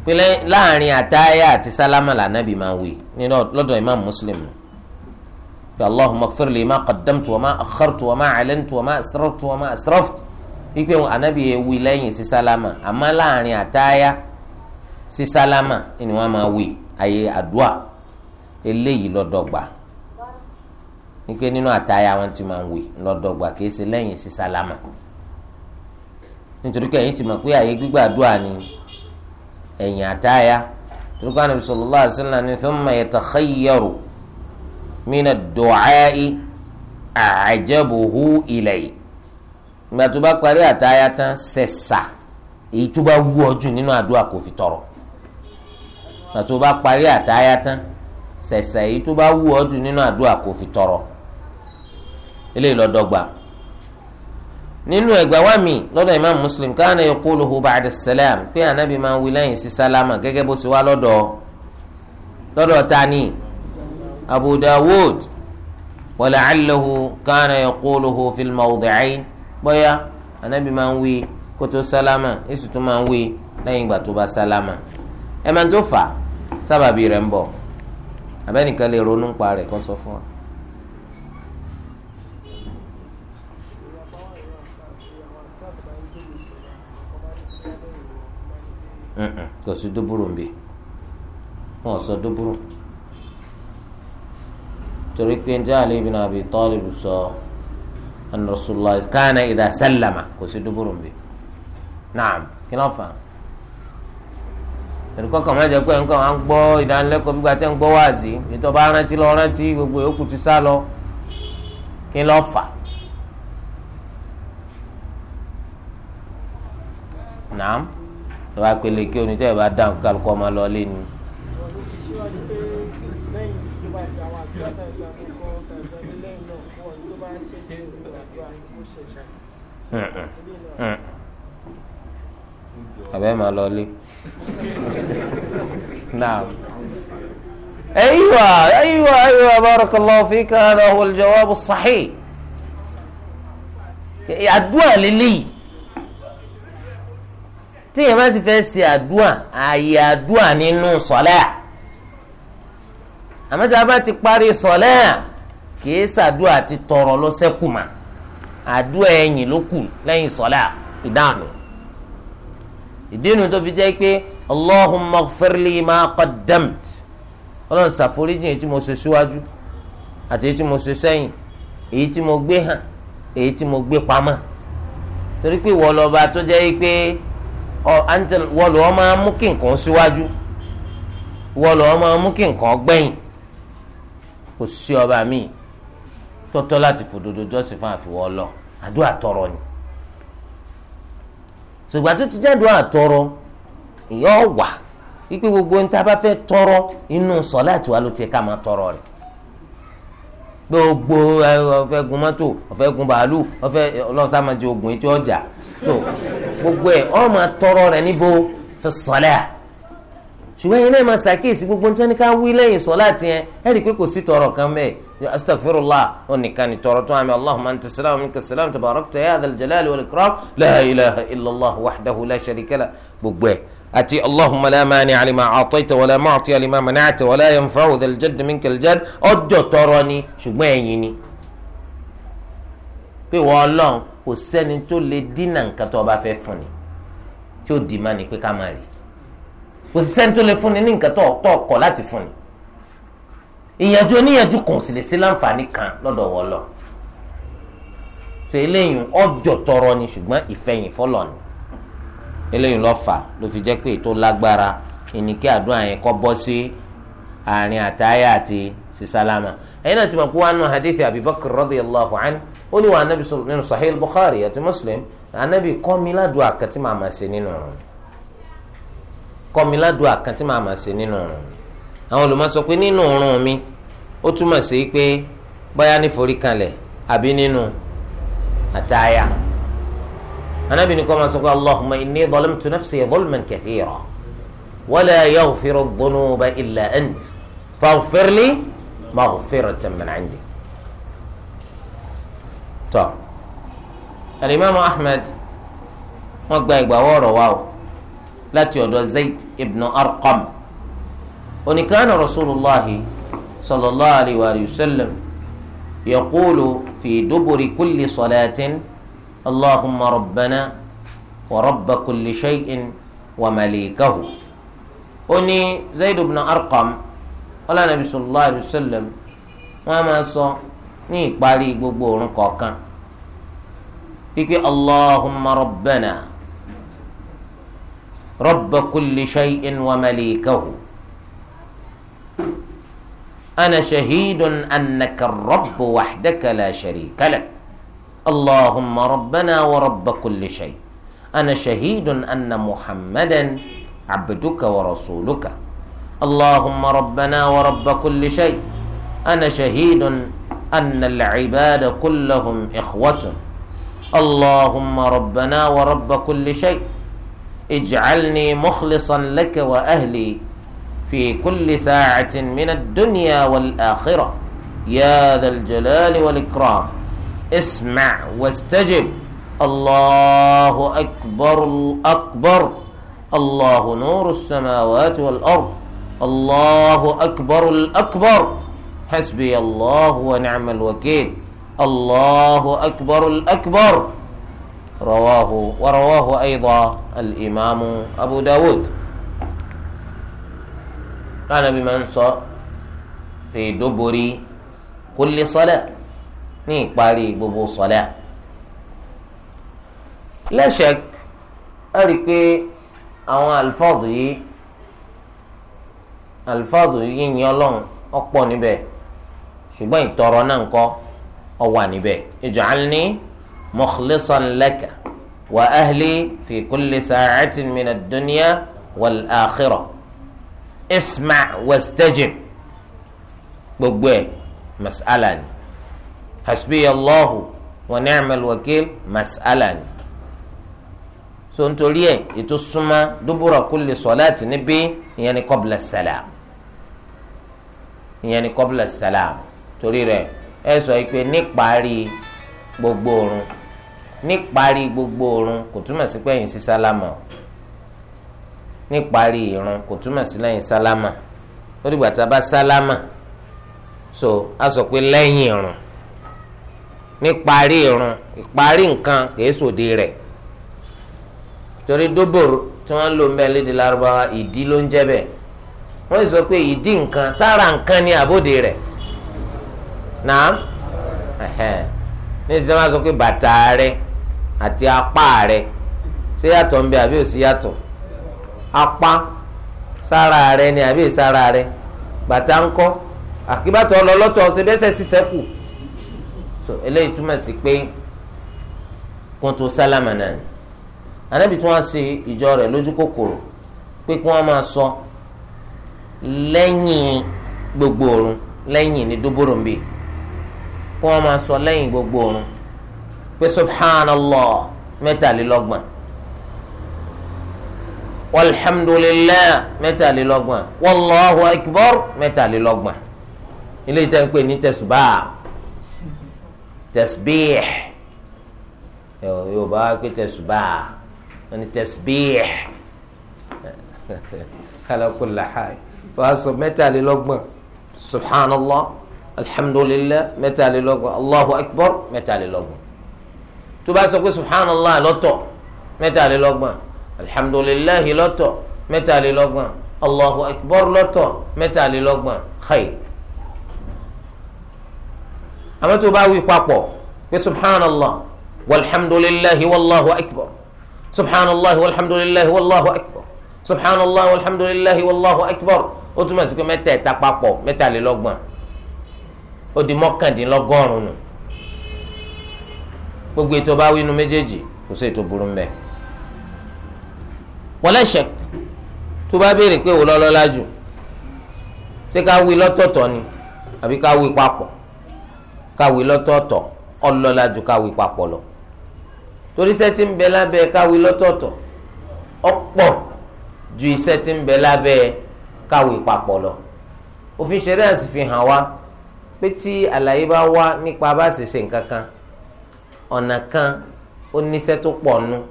pé láàrin àtáyà àti sálámà lànàbì pé allahumma ighfir li ma qaddamtu wa ma akhartu wa ma alantu wa ma asrartu wa ma asraftu wípé anabi yẹn wí lẹ́yìn sí sálámà àmọ́ láàrin àtáyà sí sálámà ni wọ́n máa wí ayé àdúà eléyìí lọ́dọ̀gba wípé nínú àtáyà wọn ti máa ń wí lọ́dọ̀gba kìí ṣe lẹ́yìn nítorí kẹ́yìn ti mọ̀ pé ayé gbígbàdúà ni ẹ̀yìn àtáyà torí kọ́ ànábi sallallahu alaihi wasallam ni thumma mina du'ai a'jabuhu ilay ìgbà tó bá parí àtàyà tán sẹ̀sà èyí tó bá wú ọ jù nínú àdúrà kò fi tọrọ ìgbà tó bá parí àtàyà tán sẹ̀sà èyí tó bá wú ọ jù nínú àdúrà kò fi tọrọ eléyìí ló wa mi lọ́dọ̀ imam muslim kana yaquluhu ba'da salam pé anabi máa ń wí lẹ́yìn sí sálámà gẹ́gẹ́ bó ṣe wá lọ́dọ̀ abu dawud wala'allahu kana yaquluhu fil mawdi'ayn bóyá anabi máa ń wí kótó sálámà èsì tó máa ń wí lẹ́yìn ìgbà tó bá sálámà ẹ máa tó fà sábàbí rẹ̀ ń bọ̀ abẹ́nìkan lè ronú pa rẹ̀ kó sọ fún wa. kò sí dúbúrú ń bí wọn ò sọ dúbúrú. So torí pé njẹ́ Ali ibn Abi Talib sọ anna Rasulullah kana idha sallama kò sí dúbúrú nbí naam kí ló fà á ẹnìkan kan máa jẹ pé nǹkan à ń gbọ́ ìdánilẹ́kọ̀ọ́ gbígbà tẹ́ ń gbọ́ wáàzì ètò ọba rántí lọ rántí gbogbo yòókù ti sá lọ kí ló fà á naam tó bá kí onítẹ̀ bá dáhùn kálukọ́ máa lọ lé ni. àbẹ́ máa lọ lé náà. أيوة أيوة أيوة بارك الله فيك هذا هو الجواب الصحيح àdúà lélẹ́yìí téèyàn bá sì fẹ́ ṣe àdúà ààyè àdúà nínú sọ̀lẹ́ à àmọ́ tá a bá ti parí sọ̀lẹ́ à kìí ṣàdúà ti tọrọ lọ adụ ẹ̀yìn ló kù lẹ́yìn sọ́lá ìdáhùn ìdínú tó fi jẹ́ pé allahumma ghfirli ma dẹmt ọlọ́run ṣàforíjì èyí tí mo ṣe síwájú àti èyí tí mo ṣe sẹ́yìn èyí tí mo gbé hàn èyí tí mo gbé torí pé tó pé máa mú kí nǹkan síwájú máa mú kí tọ́tọ́ láti fòdodo jọ́sìn fún àfiwọ́ ọlọ àdúrà tọrọ ni ṣùgbọ́n tó ti jẹ́ àdúrà tọrọ ìyá ọ̀wà wípé gbogbo ní ta bá fẹ́ tọrọ inú sọ̀láàtì wa ló ti ká máa tọrọ rẹ̀ gbogbo ọ̀fẹ́ gun mọ́tò ọ̀fẹ́ gun bàálù ọ̀fẹ́ ọlọ́sà máa jẹ oògùn etí ọjà so gbogbo ẹ̀ ọ́ máa tọrọ rẹ̀ níbo fi sọ̀lẹ́ à ṣùgbọ́n yẹn náà máa ṣàkíyèsí gbogbo ní tí wọ́n ní ká wí lẹ́yìn sọ̀láàtì yẹn ẹ̀ rí i pé kò sí tọrọ kan bẹ́ẹ̀ astaghfirullah ó nìkan ní tọrọ tó àmì allahumma anta salaam minka salaam tabarakta ya dhal jalali wal ikram la ilaha illallah wahdahu la sharika la gbogbo ẹ àti allahumma la mani'a lima a'tayta wala mu'tiya lima mana'ta wala yanfa'u dhal jadd minkal jadd ọjọ́ tọrọ ni ṣùgbọ́n ẹ̀yin ni pé wọ́n lọ́n kò sẹ́ni tó lè dínà nǹkan tó bá fẹ́ fún ni tí ó dì má ni pé ká má rí kò sí sẹ́ni tó lè fún ni ní nǹkan tó kọ̀ láti fún ni ìyànjú oníyànjú kan sì lè ṣe láǹfààní kan lọ́dọ̀ wọ́ lọ so eléyìí ọjọ́ tọrọ ni ṣùgbọ́n ìfẹ̀yìn fọlọ́ ni eléyìí ló fà ló fi jẹ́ pé ètò lágbára ìní kí àdúrà yẹn kọ́ bọ́ sí àárín àtàyà àti sísálámà ẹ̀yin náà ti mọ̀ pé wọ́n á nù hadith abibakar radiyallahu anhu ó ní wa anabi nínú sahih bukhari àti muslim anabi kọ́mi ládùá kan tí màá máa ṣe nínú ọ̀run kọ́mi ládùá kan tí nínú ọ̀run àwọn olùmọ̀ sọ pé nínú òórùn mi ó túmọ̀ sí pé bóyá ní forí kanlẹ̀ àbí nínú àtàyà anabi ni kò máa sọ pé allahumma inni zalamtu nafsi zulman kathira wala yaghfiru dhunuba illa ant faghfirli maghfiratan min indik tọ alimami ahmed wọn gba ìgbà wọrọ wa o láti ọ̀dọ̀ zayd ibn arqam oníkanà rasulillahi sallallahu alayhi wa sallam yaqulu fi duburi kulli salatin allahumma rabbana wa rabba kulli shay'in wa malikahu ó ní zayd ibn arqam ọlọ́nà nabi sallallahu alayhi wa sallam wọ́n á máa sọ ní ìparí gbogbo òrùn kọ̀ọ̀kan pípé allahumma rabbana rabba kulli shay'in wa malikahu. أنا شهيد أنك الرب وحدك لا شريك لك اللهم ربنا ورب كل شيء أنا شهيد أن محمدا عبدك ورسولك اللهم ربنا ورب كل شيء أنا شهيد أن العباد كلهم إخوة اللهم ربنا ورب كل شيء اجعلني مخلصا لك وأهلي في كل ساعة من الدنيا والآخرة يا ذا الجلال والإكرام اسمع واستجب الله أكبر أكبر الله نور السماوات والأرض الله أكبر الأكبر حسبي الله ونعم الوكيل الله أكبر الأكبر رواه ورواه أيضا الإمام أبو داود lánàá bí máa ń sọ fi duburi kulli sọlẹ ní ìparí gbogbo sọlẹ lẹsẹ ẹ rí i pé àwọn alifọdù yìí alifọdù yìí yìn Ọlọ́run ọ̀pọ̀ níbẹ̀ ṣùgbọ́n ìtọrọ náà ń kọ ọ wà níbẹ̀ ij'alni mukhlisan laka fi kulli sa'atin min ad-dunya isma wastajib gbogbo ẹ̀ mas'ala ni hasbi allahu wa ni'mal wakil mas'ala ni so nítorí ẹ̀ ètò súnmọ́ dubura kulli salati níbí ìyẹn ni qabla salam ìyẹn ni qabla salam torí rẹ̀ ẹ sọ pé níparí gbogbo oorun níparí gbogbo oorun kò túmọ̀ sí pé ẹ̀yin sí sálámà níparí irun kò túmọ̀ sí lẹ́yìn sálámà ó dìgbà tá a bá sálámà so a sọ pé lẹ́yìn irun níparí irun ìparí nǹkan kìí sòde rẹ̀ torí dóbòrò tí wọ́n lò ń bẹ́ẹ̀ ìdí ló ń jẹ́ bẹ́ẹ̀ wọ́n sọ pé ìdí nǹkan sára nǹkan ni rẹ̀ ní ìsinmi sọ pé bàtà rẹ àti apá ṣé yàtọ̀ ń apá sára rẹ ni àbí sára rẹ bàtà ńkọ́ àkíbàtọ̀ ọlọ́lọ́tọ̀ ṣe bẹ́sẹ̀ sísẹ́ kù so eléyìí túmọ̀ sí pé kó tó sálámà náà ni anábì tí wọ́n ṣe ìjọ rẹ̀ lójú kòkòrò pé kí wọ́n máa sọ lẹ́yìn gbogbo òrun lẹ́yìn ní dúbúrò ń bì kí wọ́n máa sọ lẹ́yìn gbogbo òrun pé subhanallah mẹ́tàlélọ́gbọ̀n walhamdulillah mẹ́tàlélọ́gbọ̀n wallahu akbar mẹ́tàlélọ́gbọ̀n ilé ìtẹ́ ń pè ní tẹ̀sùbá tẹ̀sùbíh ẹ̀wọ̀ yorùbá wá pé tẹ̀sùbá wọ́n ní tẹ̀sùbíh kálákùlá wàá sọ mẹ́tàlélọ́gbọ̀n subhanallah alhamdulillah mẹ́tàlélọ́gbọ̀n allahu akbar mẹ́tàlélọ́gbọ̀n tó bá sọ pé subhanallah lọ́tọ̀ mẹ́tàlélọ́gbọ̀n alhamdulilayi lọ́tọ̀ mẹ́tàlélọ́gbọ̀n allahu akbar lọ́tọ̀ mẹ́tàlélọ́gbọ̀n khair àmọ́ tó bá wí papọ̀ pé subhanallah walhamdulilayi wallahu akbar subhanallah walhamdulilayi wallahu akbar subhanallah walhamdulilayi wallahu akbar ó túmọ̀ sí pé mẹ́tẹ̀ẹ̀ta papọ̀ mẹ́tàlélọ́gbọ̀n ó di mọ́kàndínlọ́gọ́rùn-ún gbogbo ètò bá wí inú méjèèjì kò sí ètò burú mbẹ́ẹ́ wala shak tó bá béèrè pé wò lọ́lọ́lá jù ṣé ká wí lọ́tọ̀ọ̀tọ̀ ni àbí ká wí papọ̀ ká wí lọ́tọ̀ọ̀tọ̀ ọlọ́lá jù ká wí papọ̀ lọ torí iṣẹ́ tí ń bẹ lábẹ́ ká wí lọ́tọ̀ọ̀tọ̀ ọ̀pọ̀ ju iṣẹ́ tí ń bẹ lábẹ́ ká wí papọ̀ lọ òfin ṣẹlẹ̀ àti fi hàn wá pé tí àlàyé bá wá nípa bá ṣe nǹkan kan ọ̀nà kan ó níṣẹ́ tó pọ̀ nù. No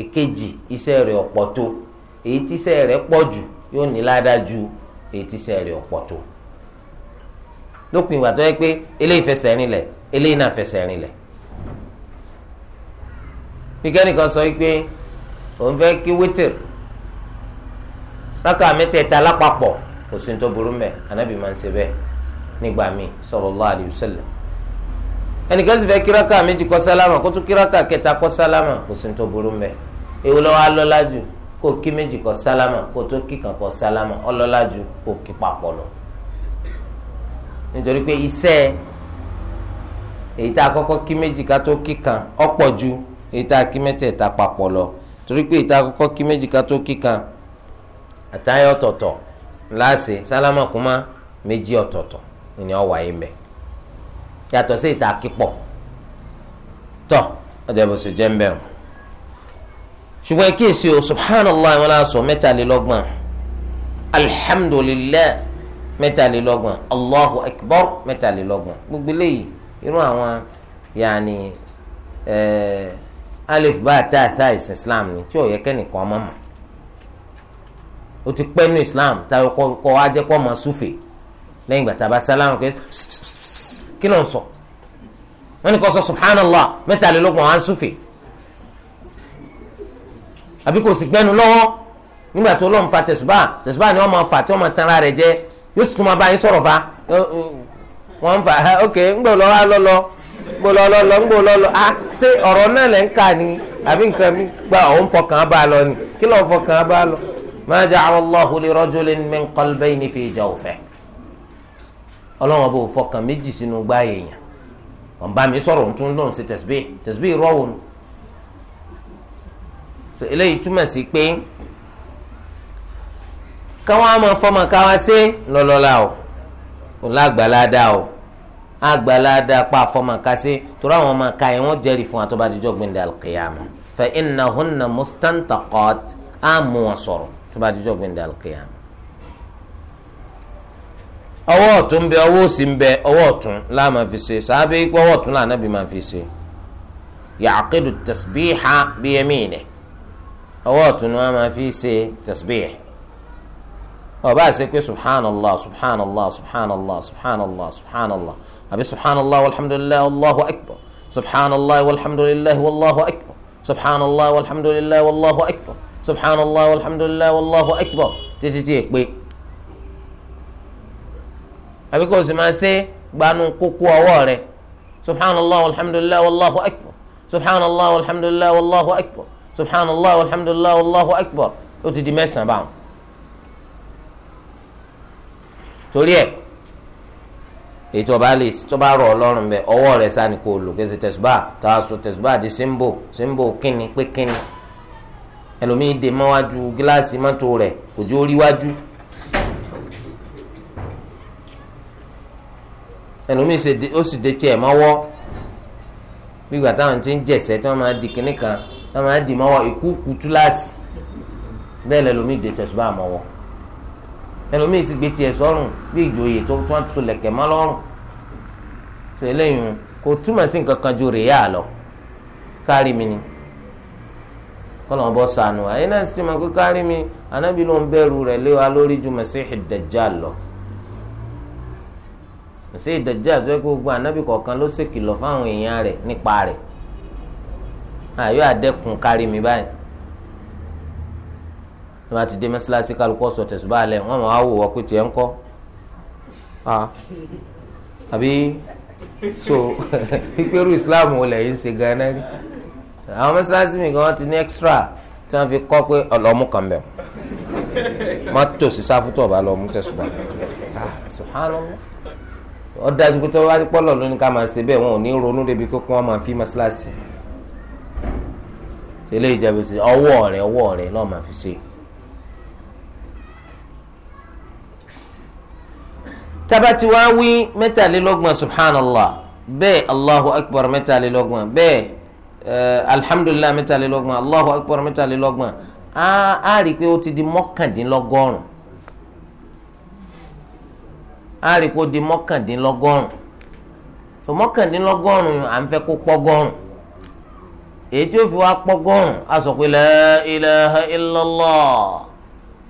èkejì iṣẹ́ rẹ̀ ọ̀pọ̀ tó èyí tí iṣẹ́ rẹ̀ ju èyí tí iṣẹ́ rẹ̀ ọ̀pọ̀ lópin ìgbà tó yẹ pé eléyìí fẹsẹ̀ rinlẹ̀ eléyìí náà fẹsẹ̀ rinlẹ̀ nìkẹ́nìkan sọ pé òun fẹ́ kí wítìrì rákà mẹ́tẹ̀ẹ̀ta lápapọ̀ kò sí ní tó burú mẹ́ anábì ẹnìkan sì fẹ́ kíráka méjì kọ́ sálámà kó tún kíráka kẹta kọ́ sálámà kò sí tó burú mbẹ ewu lọ́wọ́ alọ́lá jù kó kí méjì kọ́ sálámà kó tó kí kan kọ́ sálámà ọlọ́lá jù kó kí papọ̀ lọ. nítorí pé iṣẹ́ èyí tá a kọ́kọ́ kí méjì ká tó kí kan ọ̀pọ̀ ju èyí tá a kí mẹ́tẹ̀ẹ̀ta papọ̀ lọ torí pé èyí tá a kọ́kọ́ kí méjì ká tó kí àtàyè ọ̀tọ̀ọ̀tọ̀ láàṣẹ sálámà kúmá méjì ọ̀tọ̀ọ̀tọ̀ ìní yàtọ̀ sí ìta kíkpọ̀ tọ́ ọjà bó ṣe jẹ́ ń bẹ̀ o ṣùgbọ́n kí èsì o subhanallah wọn aṣọ mẹ́tàlélọ́gbọ̀n alhamdulillah mẹ́tàlélọ́gbọ̀n allahu akbar mẹ́tàlélọ́gbọ̀n gbogbo eléyìí irú àwọn yaani ẹ̀ẹ́ alif bá a tá a tá ìsìn islam ni tí ò yẹ kẹ́nìkan ọmọ mọ̀ o ti pẹ́ nu islam táwọn kọ́ ajẹ́kọ́ ọmọ súfè lẹ́yìn ìgbà bá sálámù pé ṣṣṣṣ kí ló ń sọ wọn ni kò sọ subhanallah mẹ́tàlélógún àwọn asúfè àbí kò sì gbẹ́nu lọ́wọ́ nígbà tó lọ́n fa tẹ̀sùbá tẹ̀sùbá ni wọ́n máa fà tí wọ́n máa tanra rẹ̀ jẹ yóò sì tún máa bá yín sọ̀rọ̀ fa wọ́n ń fa ok ńgbò lọ́wọ́ lọ́lọ́ ńgbò lọ́lọ́ lọ́ ńgbò lọ́lọ́ a ah, ṣé ọ̀rọ̀ náà lẹ́ ń kà ni àbí nǹkan mi gba òun fọkàn bá a lọ ni kí lọ́n fọkàn bá a lọ. ma ja'ala Allahu li rajulin min qalbayni fi jawfihi ọlọ́run ọba ò fọkàn méjì sínú gbá èèyàn ọ̀nba mi sọ̀rọ̀ ń tún lóun ṣe tẹ̀síbí tẹ̀síbí rọ́wọ́ nù eléyìí túmọ̀ sí pé káwọn á máa fọmọ káwá sí lọ́lọ́la o òun lágbàládà o àgbàládà pa fọmọ ká sí torí àwọn ọmọ ká yẹn jẹ́rìí fún àtọ́ba àdìjọ́ gbẹ̀ndẹ̀ alqiyama fa innahunna mustantaqat á mú wọn sọ̀rọ̀ tó gbẹ̀ndẹ̀ alqiyama. ọwọ́ ọ̀tún ń bẹ ọwọ́ òsì ń bẹ ọwọ́ ọ̀tún la máa fi ṣe sàábé ikú ọwọ́ ọ̀tún lànà nàbì máa fi ṣe tẹ̀sìbí ha ya'qidu tasbiha biyamine ọwọ́ ọ̀tún ni wọ́n máa fi ṣe tẹ̀sìbí ẹ̀ ọba àṣẹ pé subhanallah subhanallah subhanallah subhanallah subhanallah àbí subhanallah walhamdulillah allahu akbar subhanallah walhamdulillah wallahu akbar subhanallah walhamdulillah wallahu akbar subhanallah walhamdulillah wallahu akbar títí tí ì pé. àbí kò sì máa ṣe gbanú kókó ọwọ́ rẹ̀ subhanallah alhamdulilah wallahu akbar subhanallah alhamdulilah wallahu akbar subhanallah alhamdulilah wallahu akbar ó ti di mẹ́sàn-án báwọn. torí ẹ̀ ètò ọba lè tó bá rọ̀ ọlọ́run bẹ ọwọ́ rẹ̀ sani kò lò kí ẹ ṣe tẹ̀sùbà tá a sọ tẹ̀sùbà di símbò símbò kínni pé kínni ẹlòmíì dè mọ́wájú gíláàsì mọ́tò rẹ̀ kò jó rí wájú. ẹlòmíì ṣe ó sì de tiẹ̀ mọ́wọ́ gbígbà táwọn ti ń jẹ̀sẹ̀ tí wọ́n máa di kinní kan wọ́n máa di mọ́wọ́ ikú kutúláàsì bẹ́ẹ̀ lẹ́lòmíì de tẹ̀sùbá mọ́wọ́ ẹlòmíì sì gbé tiẹ̀ sọ́rùn bí ìjòyè tó tó ń solẹ̀kẹ̀ mọ́ lọ́rùn tó eléyìí kò túmọ̀ sí nǹkan kan ju rèé àlọ́ kárí mi ni kọ́lọ̀ bọ́ sànù àyínà sì ti mọ̀ pé kárí mi anábì ń bẹ̀rù rẹ̀ lé lórí ju Masihi ṣe ìdajjal tó yẹ kó gbogbo ànábì kọ̀ọ̀kan ló ṣèkìlọ̀ fáwọn èèyàn rẹ̀ nípa rẹ̀ àyọ̀ àdẹ́kùn kárí mi báyìí ní wọ́n ti dé mẹ́sàlásí kálukọ́ sọ tẹ̀sùbá alẹ́ wọ́n mọ̀ á wò wọ́n pé tiẹ̀ ń kọ́ àbí so pípẹ́rù islam wò lẹ́yìn ṣe gan-an rí àwọn mẹ́sàlásí mi gan-an ti ní extra tí wọ́n fi kọ́ pé ọlọ́mú kan bẹ̀ má tòsí sáfútọ̀ bá lọ́mú tẹ̀sùbá ah, subhanallah ó dájú pé tí wọ́n bá ti pọ́lọ̀ lónìí ká máa ṣe bẹ́ẹ̀ wọn ò ní ronú débi pé kí wọ́n máa fi mọ́ṣáláṣí ilé ìjẹ́bù sí ọwọ́ rẹ ọwọ́ rẹ lọ́ọ́ máa fi ṣe. tabati wá wí mẹ́tàlélọ́gbọ̀n subhanallah bẹ́ẹ̀ allahu akbar mẹ́tàlélọ́gbọ̀n bẹ́ẹ̀ alhamdulilah mẹ́tàlélọ́gbọ̀n allahu akbar mẹ́tàlélọ́gbọ̀n á rí i pé ó ti di mọ́kàndínlọ́gọ́rùn á rí kó di mọ́kàndínlọ́gọ́rùn tó mọ́kàndínlọ́gọ́rùn à ń fẹ́ kó pọ́gọ́rùn èyí tí ó fi wá pọ́gọ́rùn á sọ pé la ilaha illallah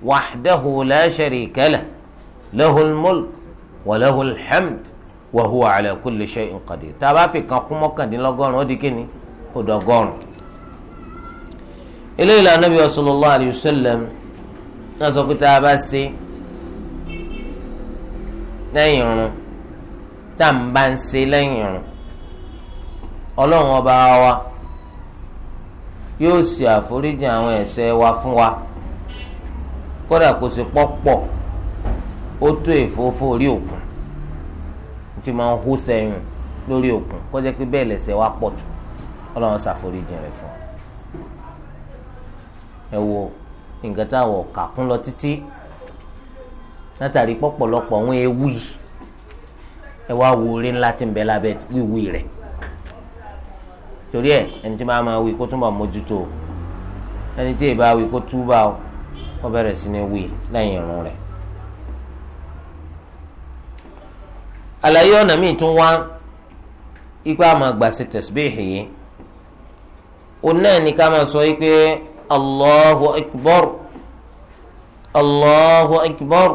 wahdahu la sharika lah lahul mulk wa lahul hamd wa huwa ala kulli shay'in tá a bá fi kan kún mọ́kàndínlọ́gọ́rùn ó di kíni ó dọ́gọ́rùn eléyìí la Nabi sallallahu alayhi náà sọ pé tá a bá ṣe lẹ́yìn irun tá à ń bá ń ṣe ọlọ́run ọba wa yóò ṣe àforíjì àwọn ẹ̀ṣẹ̀ wa fún wa kódà kò sí pọ́pọ̀ ó tó èfófó orí òkun tí máa ń hó sẹ́yìn lórí òkun kó pé bẹ́ẹ̀ lẹ́ṣẹ̀ wa pọ̀ ọlọ́run ṣàforíjì rẹ̀ fún látàrí pọ̀pọ̀lọpọ̀ wọn ewu yìí ẹ wá wo orí ńlá tí ń bẹ lábẹ́ wíwí rẹ̀ torí ẹ ẹni tí máa máa wí kó túnbọ̀ mójútó o ẹni tí ìbá wí kó túbà o wọ́n bẹ̀rẹ̀ sí ní wí lẹ́yìn irun rẹ̀. àlàyé ọ̀nà míì tún wá ipa àmọ́ àgbà ṣe tẹ̀síbíhì yìí òun náà ní ká máa sọ pé Allahu Akbar Allahu Akbar.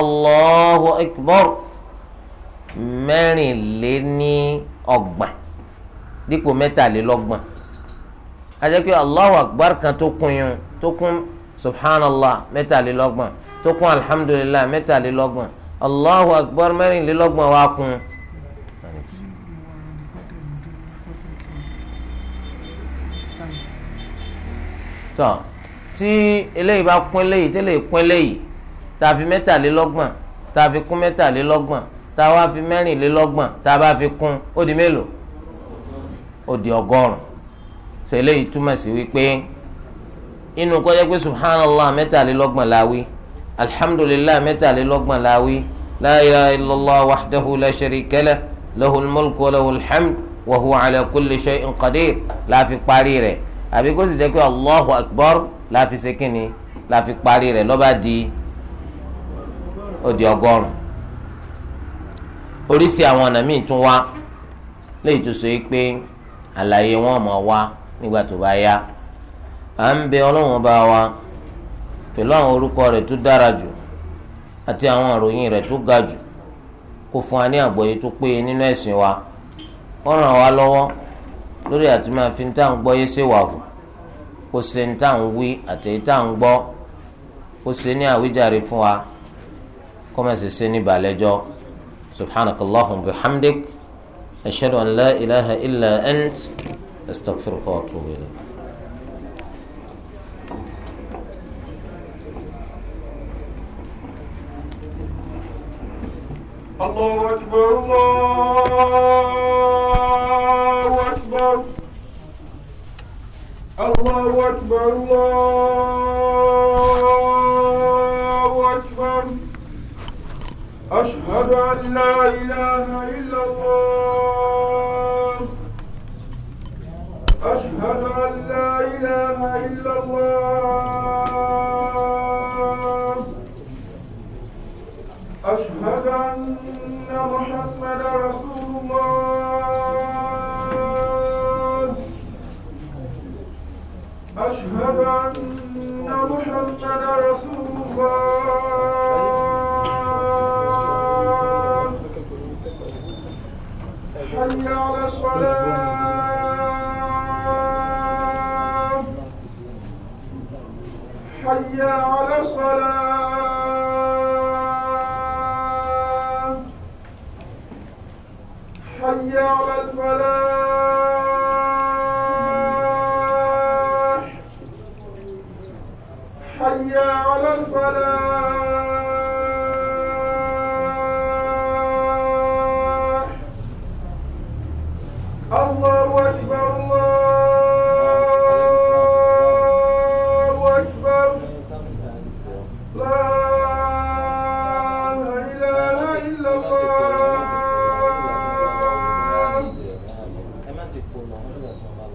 Allahu Akbar mẹ́rìnléní ọgbọ̀n dípò mẹ́tàlélọ́gbọ̀n àti pé Allahu Akbar kan tó kún yun tó kún subhanallah mẹ́tàlélọ́gbọ̀n tó kún alhamdulilah mẹ́tàlélọ́gbọ̀n Allahu Akbar mẹ́rìnlélọ́gbọ̀n wá kún. tọ́ tí eléyìí bá kún eléyìí tí eléyìí kún eléyìí tá a fi mẹ́tàlélọ́gbọ̀n tá a fi kún mẹ́tàlélọ́gbọ̀n tá a wá fi mẹ́rìnlélọ́gbọ̀n tá a bá fi kún ó di mélòó ó di ọgọ́rùn so eléyìí túmọ̀ sí wípé inú kó jẹ́ pé subhanallah mẹ́tàlélọ́gbọ̀n la wí alhamdulillah mẹ́tàlélọ́gbọ̀n la wí la ilaha illallah wahdahu la sharika lah lahul mulku wa lahul hamd wa parí rẹ̀ àbí kó sì jẹ́ allahu akbar la fi ṣe parí rẹ̀ ló bá ó di ọgọ́rùn oríṣi àwọn ọ̀nà míì tún wá léyìí tó so yìí pé àlàyé wọn mọ̀ wá nígbà tó bá yá à ń bẹ ọlọ́run bá wa pẹ̀lú àwọn orúkọ rẹ̀ tó dára jù àti àwọn ìròyìn rẹ̀ tó ga jù kó fún wa ní àgbọ́yé tó péye nínú ẹ̀sìn wa ó ràn wá lọ́wọ́ lórí àti máa fi tá à ń gbọ́ yé ṣe wà hù kó ṣe tá à ń wí àti tá à ń gbọ́ kó ṣe ní àwíjàre fún wa. kọ́mẹ́sì ṣe ní balẹ̀jọ́ subhanakallahum bihamdik ashadu an la ilaha illa ant astaghfiruka wa atubu ilayk. الله أكبر الله أكبر الله أكبر الله أشهد أن لا إله إلا الله أشهد أن لا إله إلا الله أشهد أن محمد رسول الله أشهد أن محمد رسول الله حي على الصلاة حي على الصلاة حي على الفلاح حي على الفلاح